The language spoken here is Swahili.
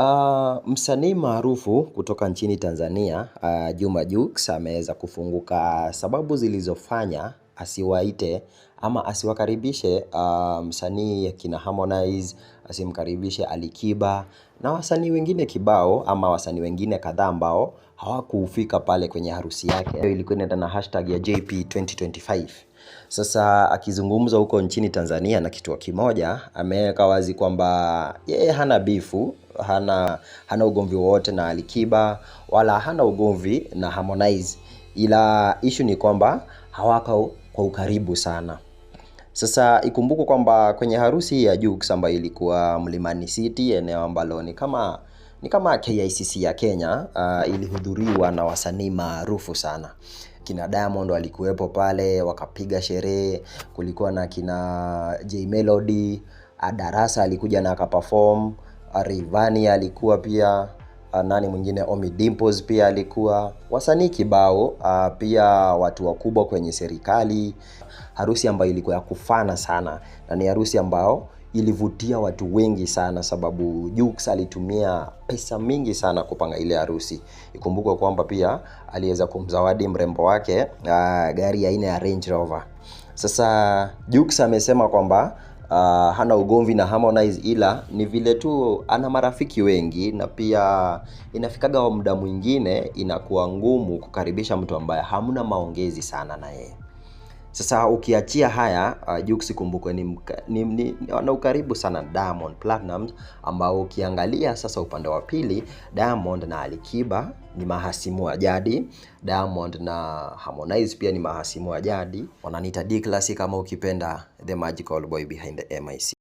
Uh, msanii maarufu kutoka nchini Tanzania uh, Juma Jux ameweza kufunguka, ah, sababu zilizofanya asiwaite ama asiwakaribishe uh, msanii akina Harmonize, asimkaribishe Alikiba na wasanii wengine kibao ama wasanii wengine kadhaa ambao hawakufika pale kwenye harusi yake. Ilikuwa inaenda na hashtag ya JP 2025. Sasa akizungumza huko nchini Tanzania na kituo kimoja, ameweka wazi kwamba yeye hana bifu, hana, hana ugomvi wowote na Alikiba wala hana ugomvi na Harmonize ila issue ni kwamba hawako kwa ukaribu sana. Sasa ikumbukwe kwamba kwenye harusi ya Jux ambayo ilikuwa Mlimani City, eneo ambalo ni kama ni kama KICC ya Kenya, uh, ilihudhuriwa na wasanii maarufu sana. Kina Diamond walikuwepo pale, wakapiga sherehe. Kulikuwa na kina J Melody, Darasa alikuja na akaperform, Rayvanny alikuwa pia uh, nani mwingine Omi Dimples pia alikuwa, wasanii kibao uh, pia watu wakubwa kwenye serikali. Harusi ambayo ilikuwa ya kufana sana na ni harusi ambao ilivutia watu wengi sana, sababu Jux alitumia pesa mingi sana kupanga ile harusi. Ikumbukwe kwamba pia aliweza kumzawadi mrembo wake uh, gari aina ya Range Rover. Sasa Jux amesema kwamba uh, hana ugomvi na Harmonize, ila ni vile tu ana marafiki wengi, na pia inafikaga muda mwingine inakuwa ngumu kukaribisha mtu ambaye hamna maongezi sana na yeye. Sasa ukiachia haya uh, Jux kumbukwe ni, ni, ni, na ukaribu sana Diamond Platnumz ambao ukiangalia sasa upande wa pili Diamond na Alikiba ni mahasimu wa jadi. Diamond na Harmonize pia ni mahasimu wa jadi, wananiita D class kama ukipenda, the magical boy behind the MIC.